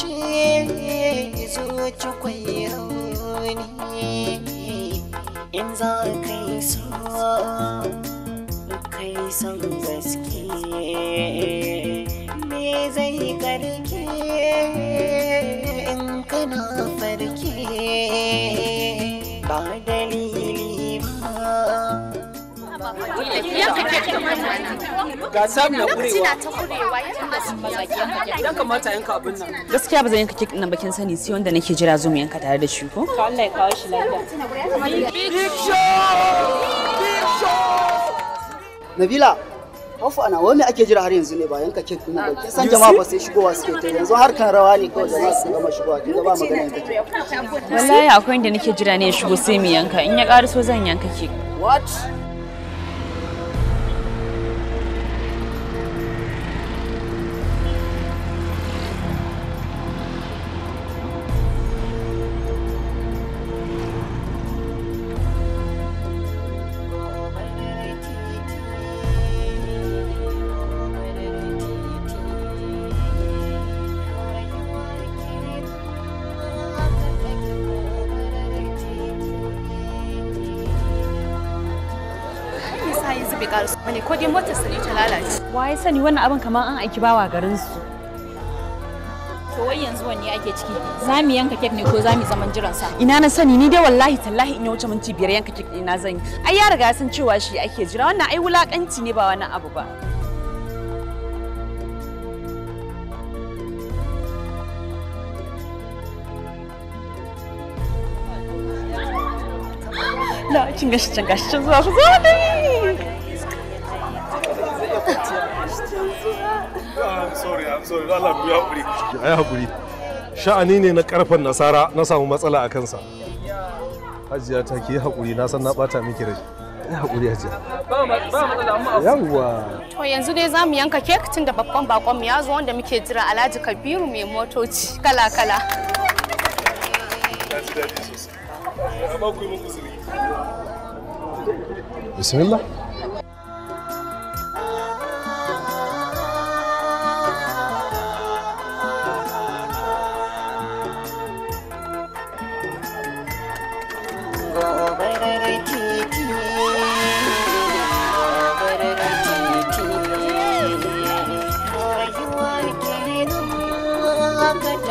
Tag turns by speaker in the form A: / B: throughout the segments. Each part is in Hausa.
A: ce zuci kwai rauni in za yi so kai son gaske me zai karke in kana farke ba dalili ga sam yanka
B: nan gaskiya ba zan yanka kek nan bakin sani sai wanda nake jira zo mu
C: yanka tare da shi ko shi Nabila hafu ana wani ake jira har yanzu ne ba yanka kek nan ba kin san jama'a ba sai shigowa suke ta yanzu har kan rawa ne kawai jama'a su gama shigowa kin ga ba magana yanka kek wallahi akwai
B: inda nake jira ne ya shigo sai mu yanka in ya ƙara zan yanka kek
C: what
D: motar sa ta lalace
B: waye sani wannan abin kamar an aiki bawa garin su to wai yanzu wanne ake ciki za mu yanka kek ne ko za mu zaman jiran sa ina na sani ni dai wallahi tallahi in ya wuce minti biyar yanka kek ina zan yi ai ya riga san cewa shi ake jira wannan ai wulakanci ne ba wani abu ba Na, gashi, gashi, zuwa, ku zo
D: dai. I'm
E: ah, sorry, I'm sorry. Allah ku hakuri. Sha'ani ne na karfan nasara na samu matsala a kansa. Hajiya ta ke hakuri na san na bata miki rai. Ai hakuri hajiya. Ba matsala amma Yawwa.
B: To yanzu dai zamu yanka kek tun da babban bakon mu ya zo wanda muke jira Alhaji Kabiru mai motoci kala kala.
E: Bismillah.
A: Welcome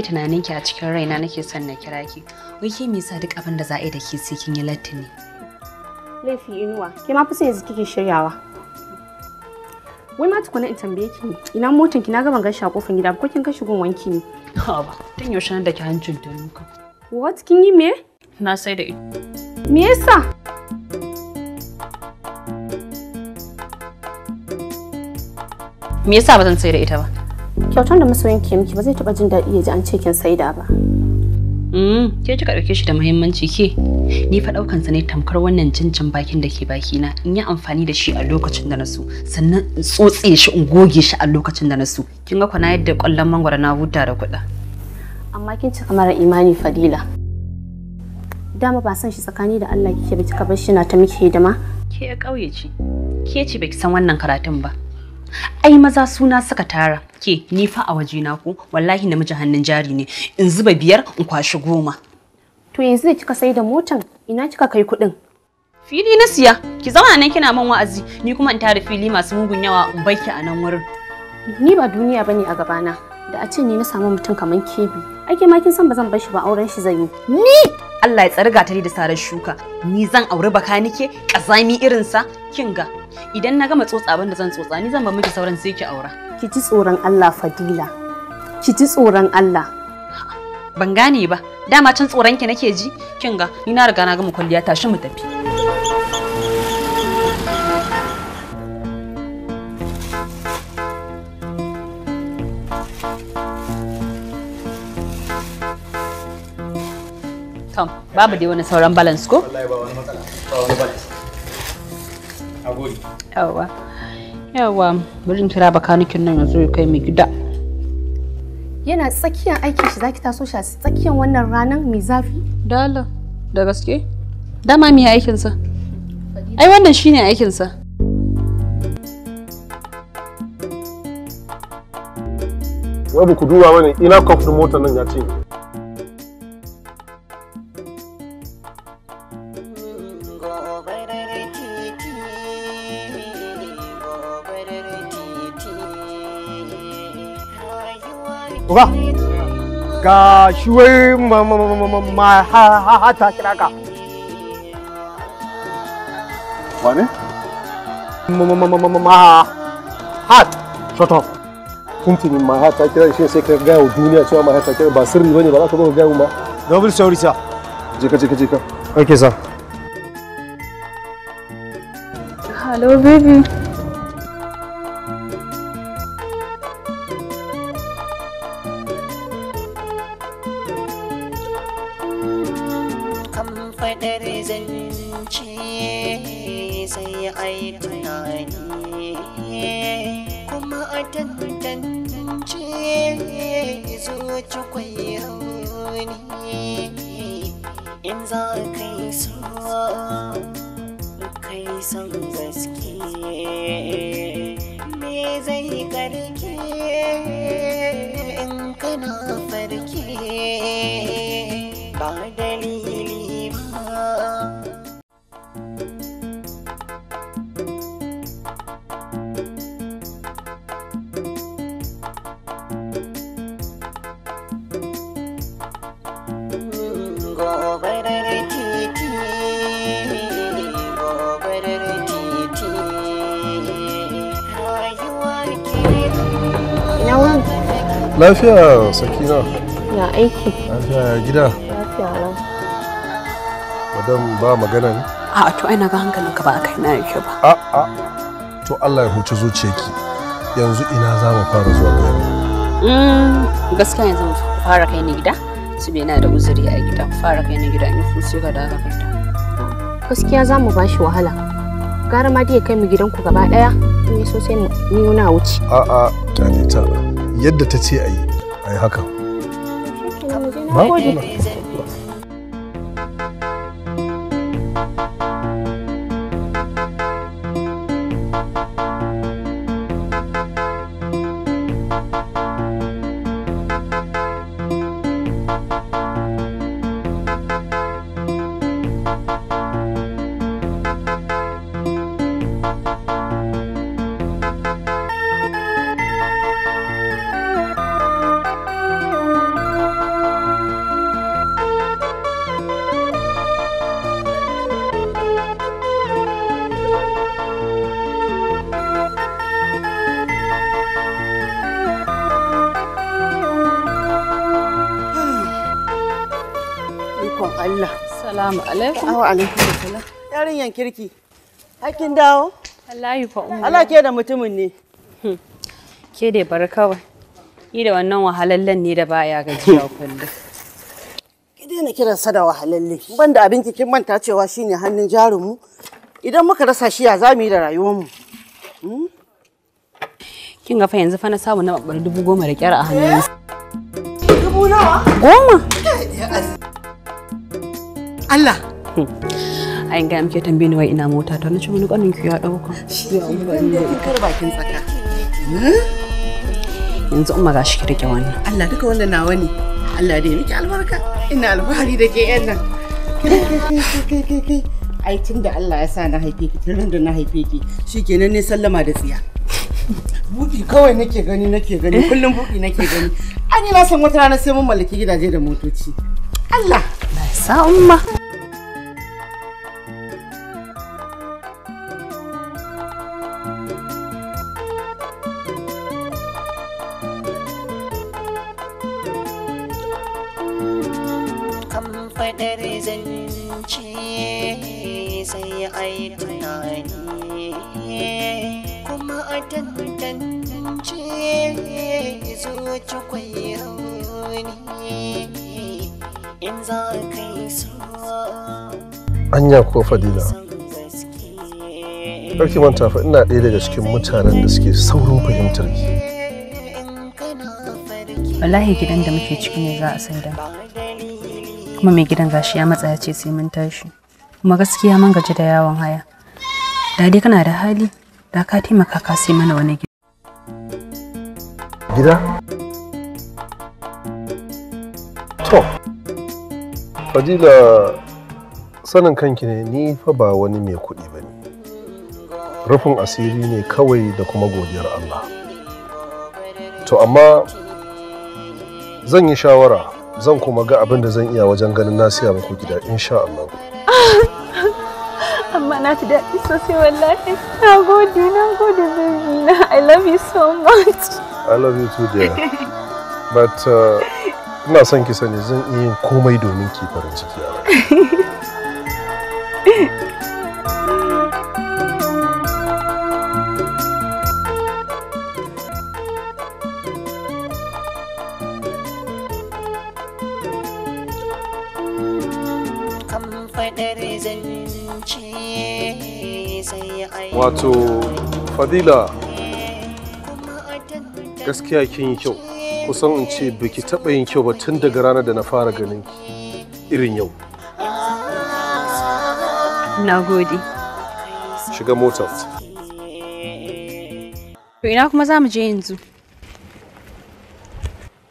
B: nake tunanin ki a cikin raina nake son na kira ki. Wai ke me yasa duk abin da za a yi da ke sai kin yi lattini ne? Laifi inuwa, ke ma fusa yanzu kike shiryawa. Wai ma tukuna in tambaye ki ne, ina motan ki na gaban gashi a kofar gida ko kin kashi gun wanki ne? Ha ba, tun yaushe na da ki hancin ta nuka. What kin yi me? Na sai da ita. Me yasa? Me yasa ba zan sai da ita ba? kyautar da masoyin ke miki ba zai taba jin daɗi ya ji an ce kin saida ba Mm, ke kika ɗauke shi da muhimmanci ke ni fa sa ne tamkar wannan jinjin bakin da ke baki na in yi amfani da shi a lokacin da na so sannan in tsotse shi in goge shi a lokacin da na so kin ga kwana yadda ƙwallon mangwara na huta da kuɗa amma kin ci kamar imani fadila dama ba san shi tsakani da Allah kike ba kika bar shi na ta miki hidima ke ƙauye ce ke ce baki san wannan karatun ba ai maza suna suka tara ke ni fa a waje na ku wallahi namiji hannun jari ne in zuba biyar in kwashi goma to yanzu da kika sai da motan ina kika kai kuɗin fili na siya ki zauna nan kina man wa'azi ni kuma in tara fili masu mugun yawa in baki a nan wurin ni ba duniya bane a gabana da a ce ni na samu mutum kamar kebi ake ma kin san ba zan bar shi ba auren shi zai yi ni Allah ya tsarga ta da sarar shuka ni zan auri baka nike kazami irin sa kin ga idan na gama tsotsa abin zan tsotsa ni zan ba miki sauran sai ki aura ki ji tsoron Allah fadila ki ji tsoron Allah ban gane ba dama can tsoron ki nake ji kin ga ni na riga na gama kwalliya tashi mu tafi babu dai wani sauran balance ko
F: wallahi ba wani matsala balance
B: yawa yawa burin in kira bakanikin nan yanzu ya kai mai gida yana tsakiyar aikin shi zaki taso shi a tsakiyar wannan ranar mai zafi dala da gaske dama mai aikinsa ai wannan shine aikinsa
E: wai ku duba mana ina kwafin motar nan ya cinye
G: ba ga shi wai
C: ma ha ta kira ka
E: wane? ma ha shut up tuntunin ma ha ta kira shi sai ka gaya wa duniya cewa ma ha ta kira ba sirri bane ba za ka zo ka gaya ma double ka je ka je ka okay sir
B: hello baby
E: Lafiya sakina.
B: Ya aiki. Lafiya ya gida. Lafiya lau.
E: Madam ba magana ne?
B: A to ai na ga ka
E: ba a kai na yake ba. A a to Allah ya huce ki Yanzu ina za mu fara zuwa gida.
B: Mm gaskiya yanzu mu fara kai ni gida. Su na da uzuri a gida. Fara kai ni gida in su sai ga daga ka Gaskiya za mu bashi wahala. Gara ma dai kai mu gidanku gaba daya. Ni so sai mu
E: nuna wuce. A a ta yadda ta ce a yi ai haka ba
C: Allah. Salamu alaikum. Awa alaikum salam. Yarinyan kirki. Hakin dawo? Wallahi fa umma. Allah ke da mutumin ne. Hmm.
B: Ke dai bar kawai. Ni da wannan wahalallen ne da baya gajiya kullum.
C: Ki daina kiransa da wahalalle. Ban da abin kin manta cewa shine hannun jarinmu. Idan muka rasa shi ya za mu yi da rayuwarmu. Hmm? Kin ga fa
B: yanzu fa na samu na babbar dubu goma da kyar a hannun.
C: Dubu nawa? Goma. Ya
B: Allah ai ga muke tambaye ni wai ina mota ta nace wani kanin ki ya dauka
C: shi ya ne, ni kar bakin tsaka yanzu umma ga shi ki rike wannan Allah duka wannan nawa ne Allah dai miki albarka ina alfahari da ke yan nan ai tun da Allah ya sa na haife ki tun da na haife ki kenan ne sallama da tsiya buki kawai nake gani nake gani kullum buki nake gani an yi na san wata rana sai mun mallaki gidaje da motoci Allah sa umma
A: faɗar zance sai ai tunani kuma a tantance zuci kwai rauni in za ka yi
E: anya ko fadila ƙarfi manta fa ina ɗaya daga cikin mutanen da suke saurin fahimtar ki
B: wallahi gidan da muke ciki ne za a san da kuma mai gidan gashi ya matsa ce sai mun tashi kuma gaskiya man gaji da yawon haya da kana da hali da ka taimaka ka sai mana wani gida
E: gida to fadila sanin kanki ne ni fa ba wani mai kuɗi ba ne rufin asiri ne kawai da kuma godiyar allah to amma zan yi shawara zan kuma ga abin da zan iya wajen ganin na siya muku gida insha Allah.
B: Amma na ji daɗi sosai wallahi. Na gode, na gode baby na. I love you so much.
E: I love you too dear. But uh, ina son ki sani zan iya yin komai domin ki farin ciki a wato fadila gaskiya kin yi kyau kusan in ce biki taɓa yin kyau ba tun daga ranar da na fara ganin irin yau na gode shiga mota
B: to ina kuma za mu je yanzu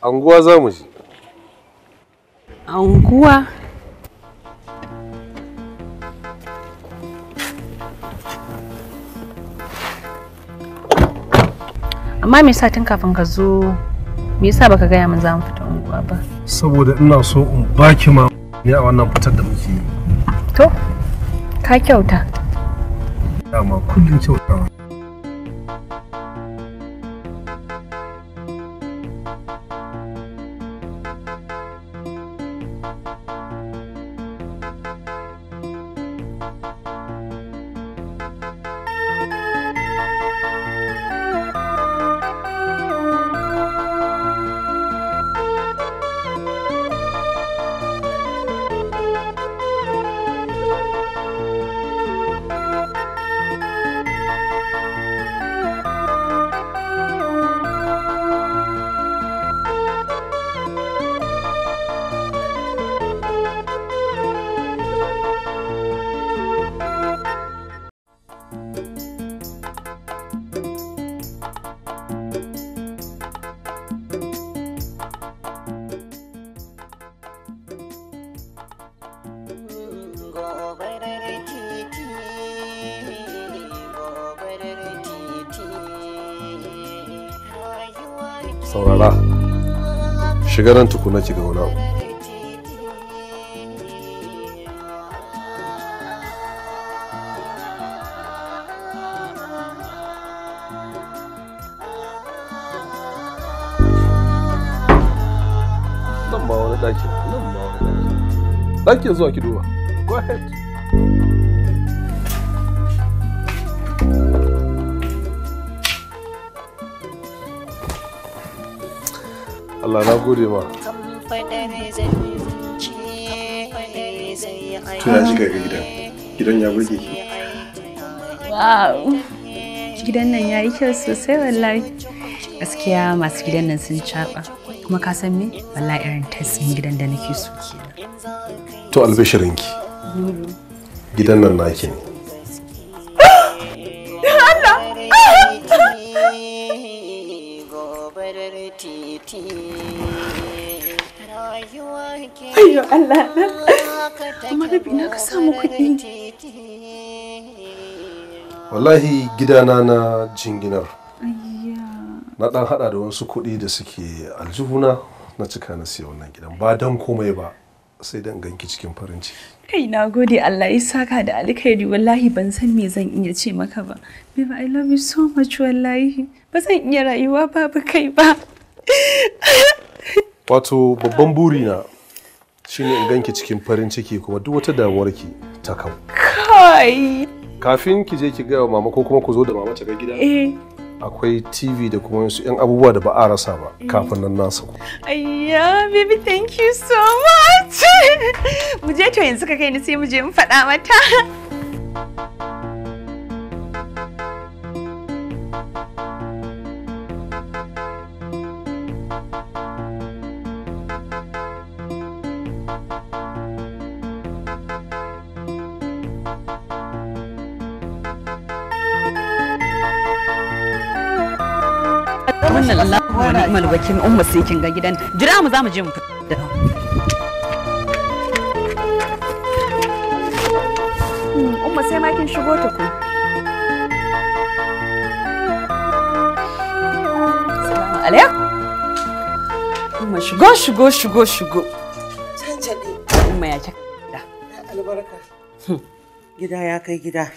E: anguwa za mu je
B: anguwa amma me yasa tun kafin ka zo me yasa baka gaya min za mu fita unguwa ba
E: saboda ina so in baki ma ne a wannan fitar da muke
B: to ka kyauta
E: amma kullum kyautawa saurara shiga nan tukuna ki ga wani abu nan ba wani ɗakin nan ba wani ɗakin ɗakin zuwa ki duba Allah na gode ma tuna shi ga gidan gidan ya burge ki
B: wow gidan nan yayi kyau sosai wallahi gaskiya masu gidan nan sun caba kuma ka san me wallahi irin tasirin gidan da nake so
D: kenan
E: to albishirinki mm. gidan nan naki ne wallahi gidana na jinginar na dan hada da wasu kuɗi da suke aljihuna na cika na siya wannan gidan ba dan komai ba sai dan ganki cikin farin ciki
B: kai na gode Allah ya saka da alkhairi wallahi ban san me zan iya ce maka ba ba I love you so much wallahi ba zan iya rayuwa babu kai ba
E: wato babban burina shine in ganki cikin farin ciki kuma duk wata damuwar ki ta kawo
A: kawai
E: Kafin ki je ki gaya wa mama ko kuma ku zo da mama ta ga gida. Eh. akwai TV da kuma wasu 'yan abubuwa da ba a rasa ba eh. kafin nan nasu.
B: Ayya, baby thank you so much. Mu je to yanzu ka kai ni sai mu je mu faɗa mata. wannan na wani umma sai kin ga gidan jira mu je mu hmm, umma sai ma kin shigo ta ku alaikum umma shigo shigo shigo shigo
C: umma ya albarka hmm. gida ya kai gida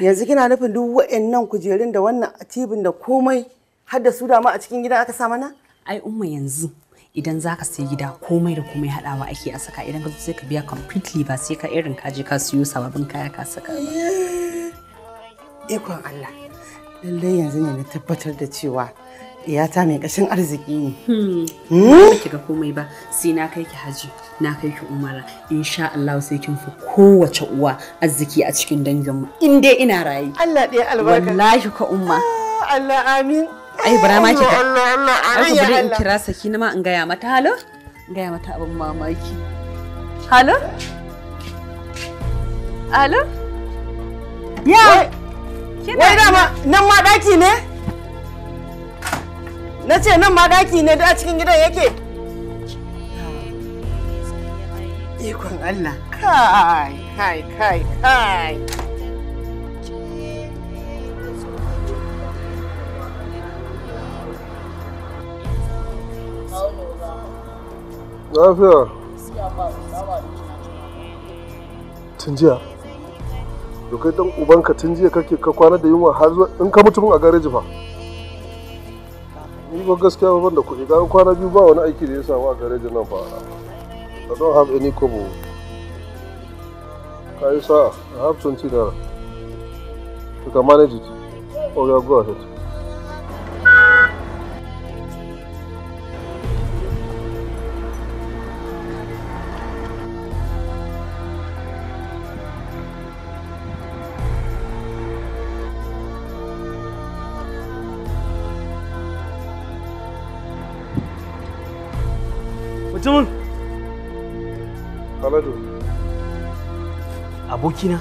C: yanzu kina nufin duk wa'annan kujerun da wannan atibin da komai har da su dama a cikin gida aka sa mana
B: ai umma yanzu idan za ka sai gida komai da komai haɗawa ake a saka idan ka zo sai ka biya completely ba sai ka irin ka je ka siyo sababbin kaya ka saka
C: ikon Allah lallai yanzu ne na tabbatar da cewa iyata mai kashin arziki ne. Hmm. Hmm? Ba ki ga komai ba sai na kai ki haji
B: na kai ki umara insha Allah sai kin fi kowace uwa arziki a cikin danginmu in dai ina raye. Allah ɗaya albarka. Wallahi ka umma. Ah, Allah amin. ai bara ma ki Allah Allah ai bari in kira na ma in gaya mata halo in gaya mata abin mamaki
C: halo halo ya wai da ma, nan ma daki ne na ce nan ma daki ne da cikin gidan yake ikon Allah kai kai kai kai
E: Lafiya. Tun jiya. To kai dan ubanka tun jiya kake ka kwana da yunwa har zuwa in ka mutu a gareji fa. Ni ba gaskiya ba ban da kuɗi ga kwana biyu ba wani aiki da ya samu a garejin nan fa. I don't have any kobo. Kai sa, I have 20 naira. You can manage it. Or you are good at it.
G: abokina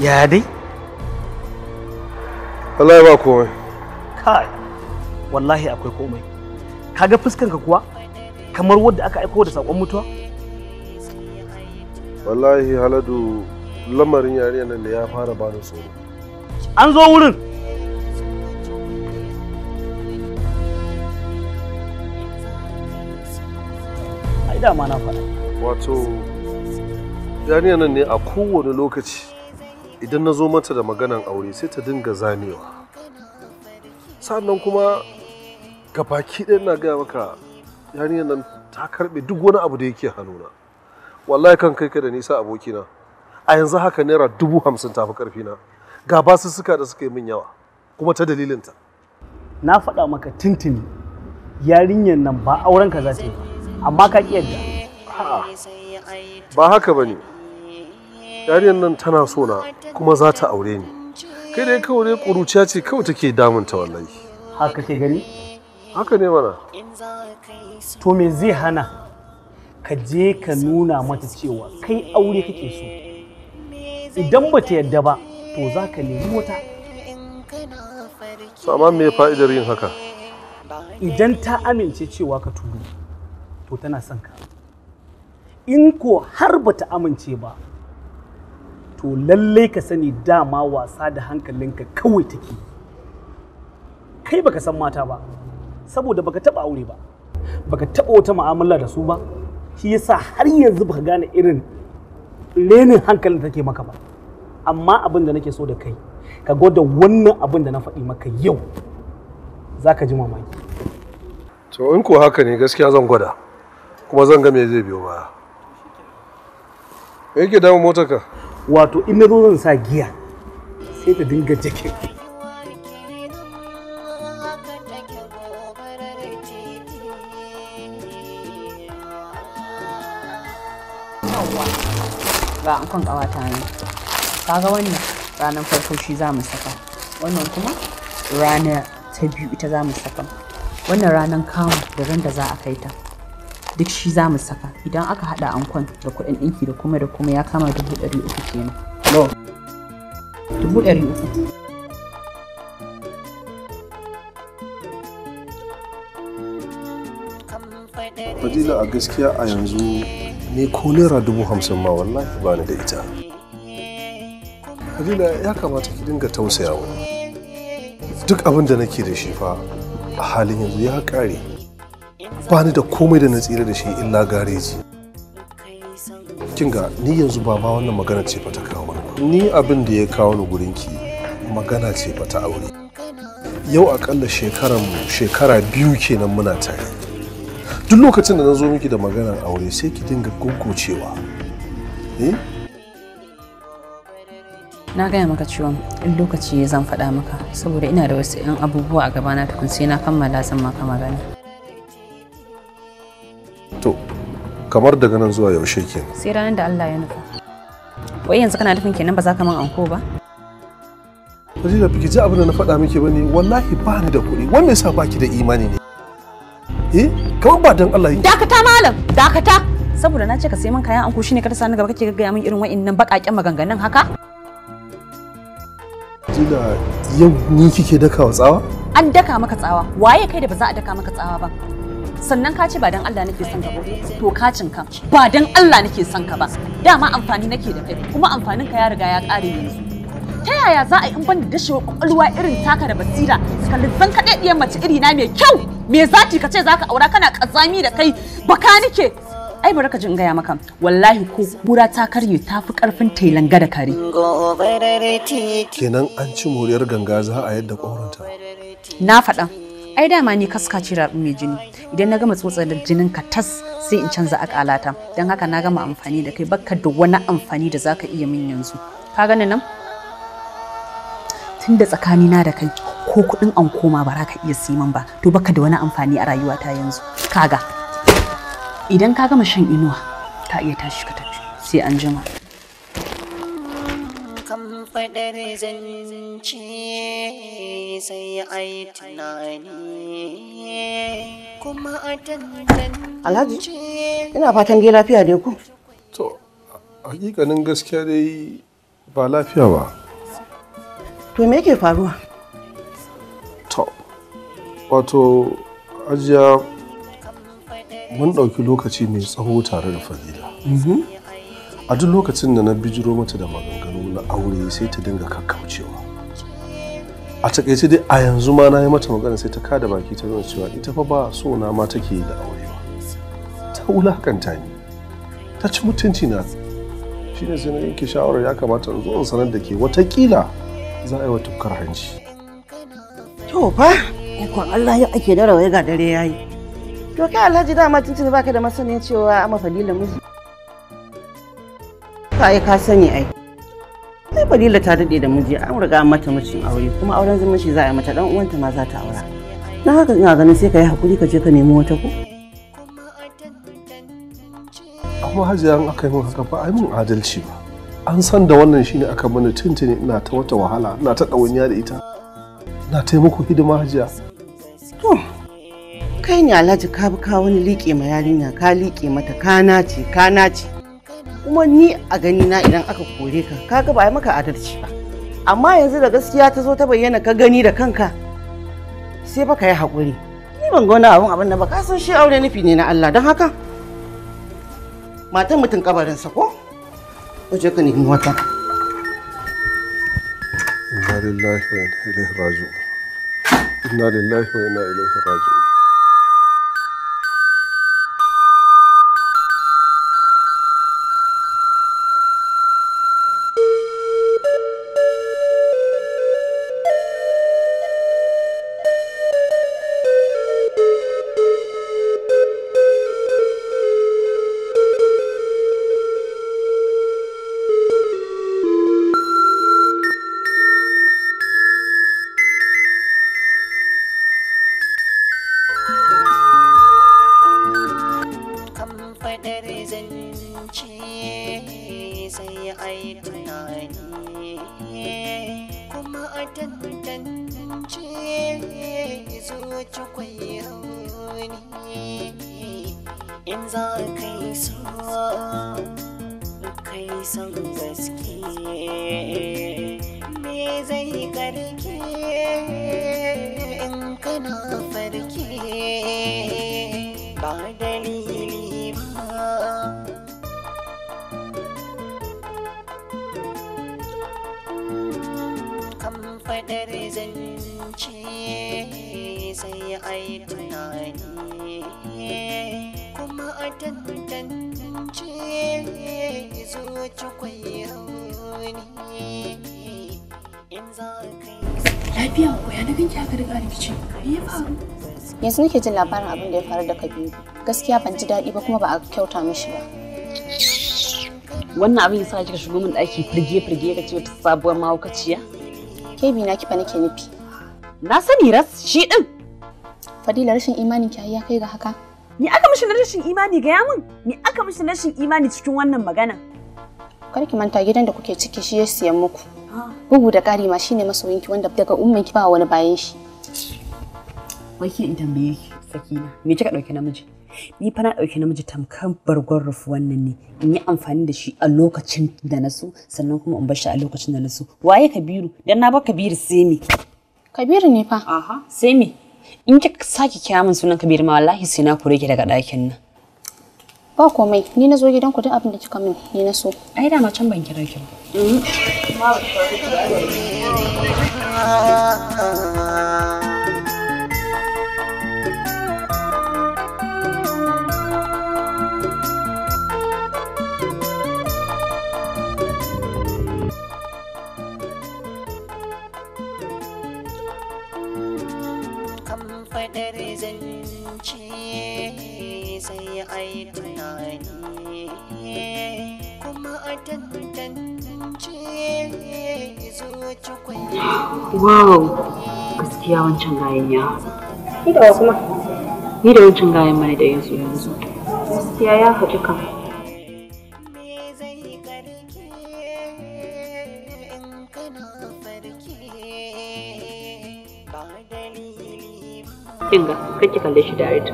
G: ya dai
E: wallahi ba komai kai
G: wallahi akwai komai kaga fuskanka kuwa kamar wadda aka aiko da sakon mutuwa
E: wallahi haladu lamarin yarinyar nan da ya fara bada tsoro an zo wurin
G: ai na faɗa
E: wato yarinyar nan ne a kowane lokaci idan na zo mata da maganan aure sai ta dinga zanewa sannan kuma ga baki ɗaya na gaya maka yarinyar nan ta karɓe duk wani abu da yake hannuna wallahi kan kai ka da nisa abokina a yanzu haka naira dubu hamsin tafi ƙarfina ga suka da suka yi min yawa kuma ta dalilinta na faɗa maka
G: tintini yarinyar nan ba auren ka za ta yi amma ka ƙi yadda
E: ba haka ba ne yariyar nan tana so na kuma za ta aure ni kai dai kawai ƙuruciya ce kawai take damunta wallahi haka ke gani
G: haka ne mana to me zai hana ka je ka nuna mata cewa kai aure kake so idan ba ta yadda ba to za ka nemi wata
E: so amma me fa'idar yin haka
G: idan ta amince cewa ka turo to tana son ka in ko har ba ta amince ba to lallai ka sani dama wasa da hankalinka kawai take kai baka san mata ba saboda baka taba aure ba baka taba wata mu'amala da su ba shi yasa har yanzu baka gane irin lenin hankalin take maka ba amma abin da nake so da kai ka gwada wannan abin da na faɗi maka yau za ka ji mamaki
E: to in ko haka ne gaskiya zan gwada kuma zan ga me zai biyo baya yake damun motar ka
G: wato in na zo zan sa giya sai ta dinga jakin
B: ga an kan kawata ne kaga wannan ranar farko shi za mu saka wannan kuma rana ta biyu ita za mu saka wannan ranar kamu da ran da za a kai ta duk shi za mu saka idan aka haɗa ankon da kudin dinki da kuma da kuma ya kama dubu dari uku kenan no dubu
C: dari uku
E: fadila a gaskiya a yanzu ne ko naira dubu hamsin ma wallahi ba ni da ita fadila ya kamata ki dinga tausaya wani duk abin da nake da shi fa a halin yanzu ya kare. bani da komai da na tsira da shi illa gareji kin ga ni yanzu ba wannan magana ce ba ta kawo ni ni abin da ya kawo ni gurin ki magana ce ba ta aure yau akalla shekaran mu shekara biyu kenan muna tare duk lokacin da na zo miki da maganar aure sai ki dinga gunkucewa eh
B: na gaya maka cewa in lokaci zan faɗa maka saboda ina da wasu 'yan abubuwa a gabana tukun sai na kammala zan maka magana
E: kamar daga nan zuwa yaushe ke
B: sai ranar da Allah ya nufa wai yanzu kana nufin kenan ba za ka man anko ba
E: Fadila biki ji abin da na faɗa miki bane wallahi ba ni da kuɗi wanda yasa baki da imani ne eh kawai ba dan Allah
B: dakata malam dakata saboda na ce ka sai min kayan anko shine ta sani gaba kake gaggaya min irin wa'annan baƙaƙen maganganun haka
E: Fadila yau ni kike dakawa tsawa
B: an daka maka tsawa waye kai da ba za a daka maka tsawa ba sannan ka ce ba dan Allah nake son ka ba to ka ba dan Allah nake son ka ba dama amfani nake da kai kuma amfanin ka ya riga ya kare yanzu ta yaya za a yi in ban da dashewa kwakwalwa irin taka da basira ka lizzan kaɗaɗɗiyar mace iri na mai kyau me zati ka ce za ka aura kana ƙazami da kai baka nike ai bari ka jin gaya maka wallahi ko kura ta karye ta fi karfin tailanga da kare
E: kenan an ci moriyar ganga za a yadda ƙwaronta
B: na faɗa ai dama ni kaska ce rabu mai jini idan na gama tsotsar da jinin ka tas sai in canza akalata don haka na gama amfani da kai bakka da wani amfani da zaka iya min yanzu ka gani nan tunda na da kai ko kudin an koma ba ka iya siman ba to baka da wani amfani a rayuwata yanzu kaga idan ka gama shan inuwa ka iya tashi ka tafi sai an jima kan fadar zance
A: sai ai tunani kuma a Alhaji
C: ina fatan dai lafiya dai ku to
E: hakikanin gaskiya dai ba lafiya ba
C: to me yake faruwa
E: to wato ajiya mun ɗauki lokaci mai tsawo tare da fadila mhm. a duk lokacin da na bijiro mata da maganganu na aure sai ta dinga kakkaucewa a takaice dai a yanzu ma na yi mata magana sai ta kada baki ta zama cewa ita fa ba so na ma take da aure ba ta wulakanta ni ta ci mutunci na shi ne sai na yanke shawarar ya kamata in zo in sanar da ke watakila za a yi wa tukkar hanci
C: to fa ikon Allah yau ake da rawaya ga dare yayi to kai Alhaji dama tuntuni baka da masaniyar cewa amma fadila miji ka ka sani ai sai Fadila ta daɗe da miji an riga mata mucin aure kuma auren zumunci za a yi mata dan uwanta ma za ta aura. Na haka ina ganin sai ka yi hakuri ka je ka nemi wata ko?
E: Amma hajiya an aka yi min haka ba ai mun adalci ba. An san da wannan shine aka mana tuntuni ina ta wata wahala ina ta ɗawainiya da ita. Na taimako hidima hajiya. To,
C: kai ne Alhaji ka bi ka wani liƙe ma yarinya ka liƙe mata ka ce ka ce. kuma ni a gani na idan aka kore ka kaga ba maka adalci ba amma yanzu da gaskiya ta zo ta bayyana ka gani da kanka sai ba ka yi haƙuri ni ban ga wani abun abin da ba ka san shi aure nufi ne na Allah don haka matan mutum sa ko waje ka nemi wata
E: inna lillahi wa inna ilaihi raji'un inna lillahi wa inna ilaihi raji'un
A: faɗar zance sai ai tunani kuma a tantance zuci kwai hauni in za ka yi so kai son gaske me zai karke in kana farke ba dalili faɗar zance sai ai tunani kuma a tantance zuci kwai rauni in za
B: ka lafiya ko ya na ganki haka riga rikici me ya faru yanzu nake jin labarin abin da ya faru da kabiru gaskiya ban ji daɗi ba kuma ba a kyauta mishi ba wannan abin ya sa kika shigo min ɗaki firge firge ka ce wata sabuwar mahaukaciya bi na kifa nake nufi. Na sani ras shi din. Fadila rashin imanin ki ya kai ga haka. Ni aka mishi rashin imani ga yamin? Ni aka mishi rashin imani cikin wannan magana? Kar ki manta gidan da kuke ciki shi ya siyan muku. Ah. Bugu da ƙari ma shine masoyinki wanda daga umman ki ba wani bayan shi. Wai ki in tambaye ki sakina me kika dauke namiji? ni fa na ɗauki namiji tamkar bargon rufu wannan ne in yi amfani da shi a lokacin da na so sannan kuma in bar shi a lokacin da na so waye kabiru dan na ba kabiru sai me kabiru ne fa aha sai me in kika sake kira min sunan kabiru ma wallahi sai na kore ki daga ɗakin nan ba komai ni na zo gidan ku duk abin da kika min ni na so ai da can ban kira ki
A: ba mm-hmm. faɗar zance sai ai tunani kuma a tantance
B: zuci kwanye. Wow, gaskiya wancan gayen ya. Ni da kuma? Ni da wancan gayen mana da yanzu yanzu. Gaskiya ya haɗu kan. kin ga kai ki kalle shi direct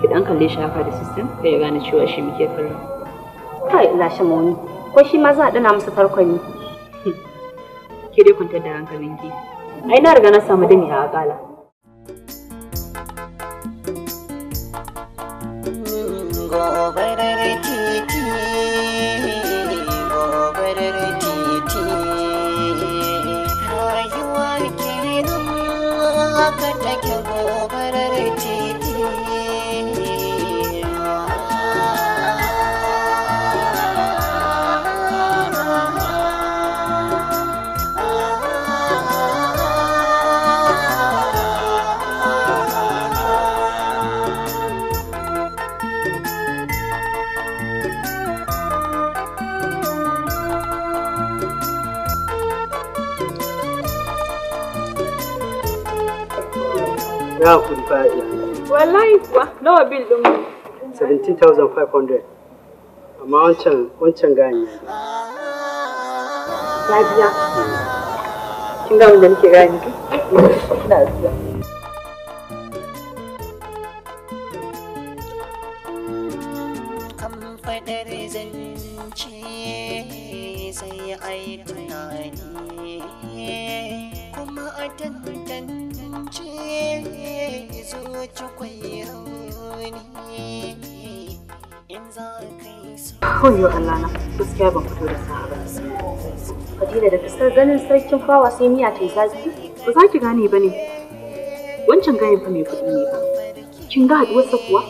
B: ki dan kalle shi haka da system kai ya gane cewa shi muke ina shi ko shi ma za a dana masa farko ne hmm. ki dai da ai na riga na samu dani a agala. na hakuri fa wallahi kuwa nawa bill din mu
C: 17500 amma wancan wancan gani
D: lafiya
F: kin ga wanda nake gani ina zuwa zance
A: sai kuma a tantance Koyo
D: Allah na gaskiya ban fito da sa'a ba. Fadila da fuskar ganin
B: sarkin fawa sai miya ta zaki ba za ki gane ba ne. Wancan gayin fa mai kuɗi ne ba. Kin ga haɗuwarsa kuwa?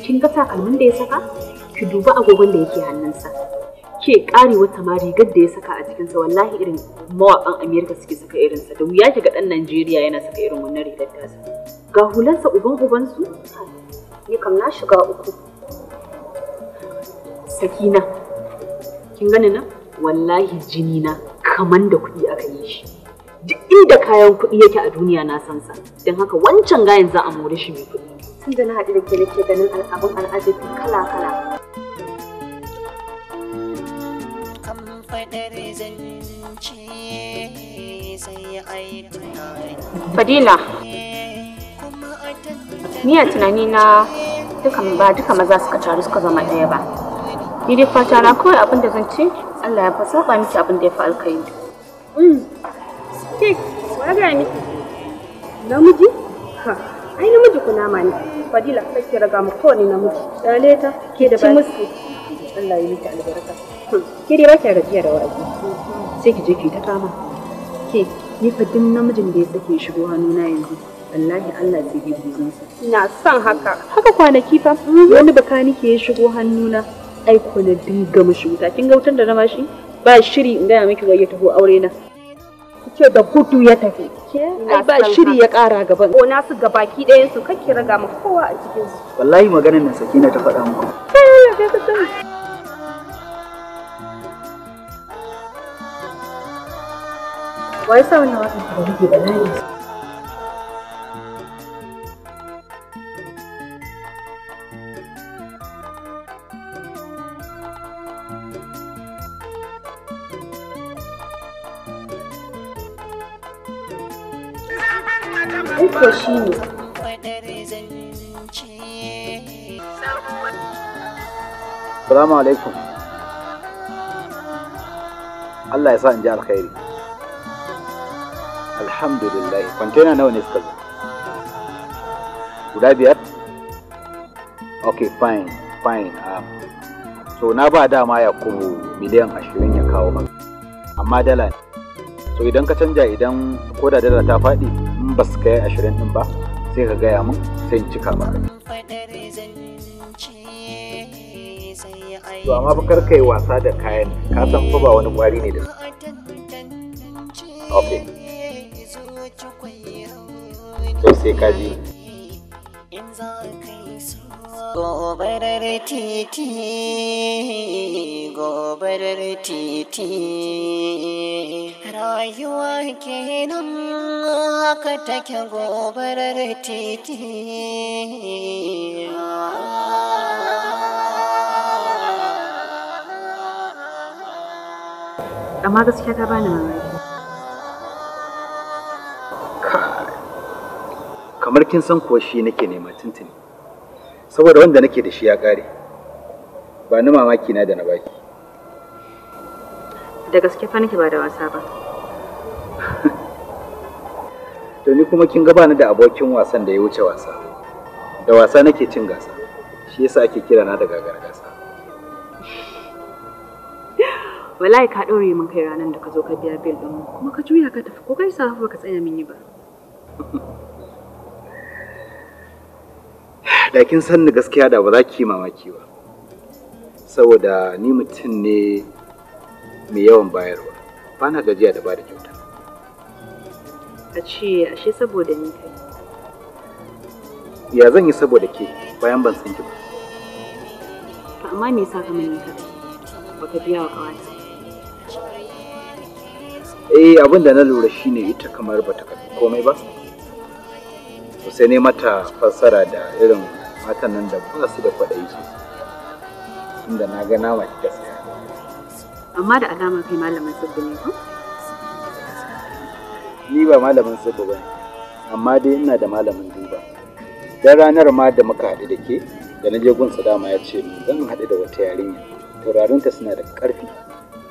B: Kin ga takalmin da ya saka? Ki duba agogon da yake hannunsa. Ke ƙari wata ma rigar da ya saka a cikinsa. wallahi irin mawaƙan Amerika suke saka irinsa da wuya ki ga ɗan Najeriya yana saka irin wannan rigar tasa.
F: ga hulansa uban ubansu
B: ni kam na shiga uku sakina kin gani nan wallahi jini na kaman da kuɗi aka yi shi duk inda kayan kuɗi yake a duniya na san sa don haka wancan gayan za a more shi mai kuɗi tun da na haɗu da ke nake ganin al'abun al'ajabi kala kala fadila ni a tunani na duka ba duka maza suka taru suka zama ɗaya ba ni dai fata na kawai abin da zan ci, Allah ya fasa, fasaba miki abin da ya fi alkai hmm.
C: Kek, wa ga ni
B: Namiji? Ha, ai namiji kuna ma ne. Fadila, kake raga mu kowane namiji. da ta, ke da ba. musu.
C: Allah ya miki albarka.
B: Hmm. Ke dai baki gajiya da wa'azi. Sai ki je ki ta kama. Ke, ni fa namijin da ya sake shigo hannuna yanzu. wallahi Allah zai yi buzunsa ina son haka haka kwanaki fa mhm. wani bakani ke ya shigo hannuna ai ko na dinga mushi wuta kin ga wutar da na mashi ba shiri in gaya miki wai ya taho aure na ce da
C: gudu ya tafi ai ba shiri
B: ya kara gaban ko nasu gabaki ɗayan su kake raga ma kowa a cikin su
G: wallahi maganar nan sakina ta faɗa muku
F: is that when you're da kike da nayi ko shi
A: ne
F: salamu alaikum Allah ya sa in ji alkhairi alhamdulillah kwantena nawa ne suka zo guda biyar ok fine fine Uh, so na ba dama ya kubu miliyan ashirin ya kawo ba? amma dala ne so idan ka canja idan koda dala ta faɗi ba su kai ashirin din ba sai ka gaya min sai cika ba. to amma fa kar kai wasa da kayan ka san fa ba wani kwari ne da su okay sai ka ji
A: gobarar titi gobarar titi rayuwa kenan haka take gobarar titi
B: amma gaskiya ta bani mamaki
F: kamar kin san kuwa shi nake nema tuntuni saboda wanda nake da shi ya kare, ba ni mamaki na da na baki
B: da gaske fa nake ba da wasa ba
F: to ni kuma kin gabana da abokin wasan da ya wuce wasa da wasa nake cin gasa shi yasa ake kira na da gagar gasa
B: wallahi ka dore min kai ranar da ka zo ka biya bill din kuma ka juya ka tafi ko kai sa ka tsaya mini yi ba
F: da kin san ni gaskiya da ba za ki mamaki ba saboda ni mutum ne mai yawan bayarwa ba na gajiya da bada kyauta
B: a ce ashe saboda ni kai
F: ya zan yi saboda ke bayan ban san ki ba
B: Ka amma me yasa ka, ni kai
F: baka biya wa kawata eh abin da na lura shine ita kamar bata komai ba to sai ne mata fassara da irin matan nan da ba su da kwaɗayi inda na ga nama kika
B: amma da alama kai malamin sirri ne ba
F: ni ba malamin sirri ba amma dai ina da malamin duba dan ranar ma da muka haɗu da ke da na je gunsa dama ya ce zan haɗu da wata yarinya taurarinta suna da ƙarfi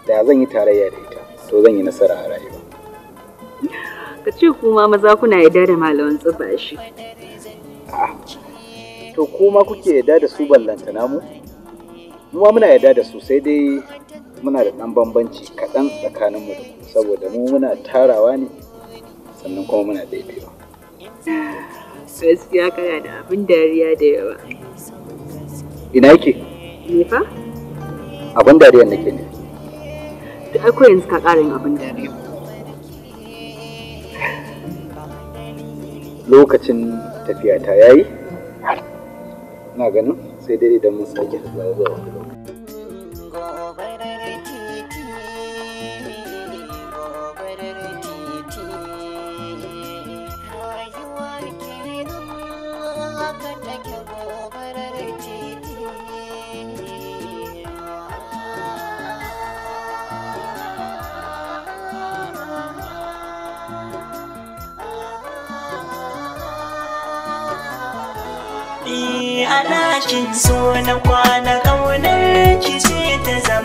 F: da zan yi tarayya da ita to zan yi nasara a rayuwa
B: ka ce kuma maza kuna yadda da malawan tsiba shi
F: to kuma kuke yadda da su ballanta namu mu muna yadda da su sai dai muna da ɗan bambanci kaɗan tsakanin mu saboda mu muna tarawa ne sannan kuma muna daidaiwa
B: gaskiya kana da
F: abin dariya da yawa ina yake me fa abin dariya nake ne
B: da akwai yanzu ka ƙara yin abin dariya
F: lokacin tafiya ta yayi na ganin sai dai idan mun sake zuwa
A: tashin so na kwana ƙaunar ki ce ta zama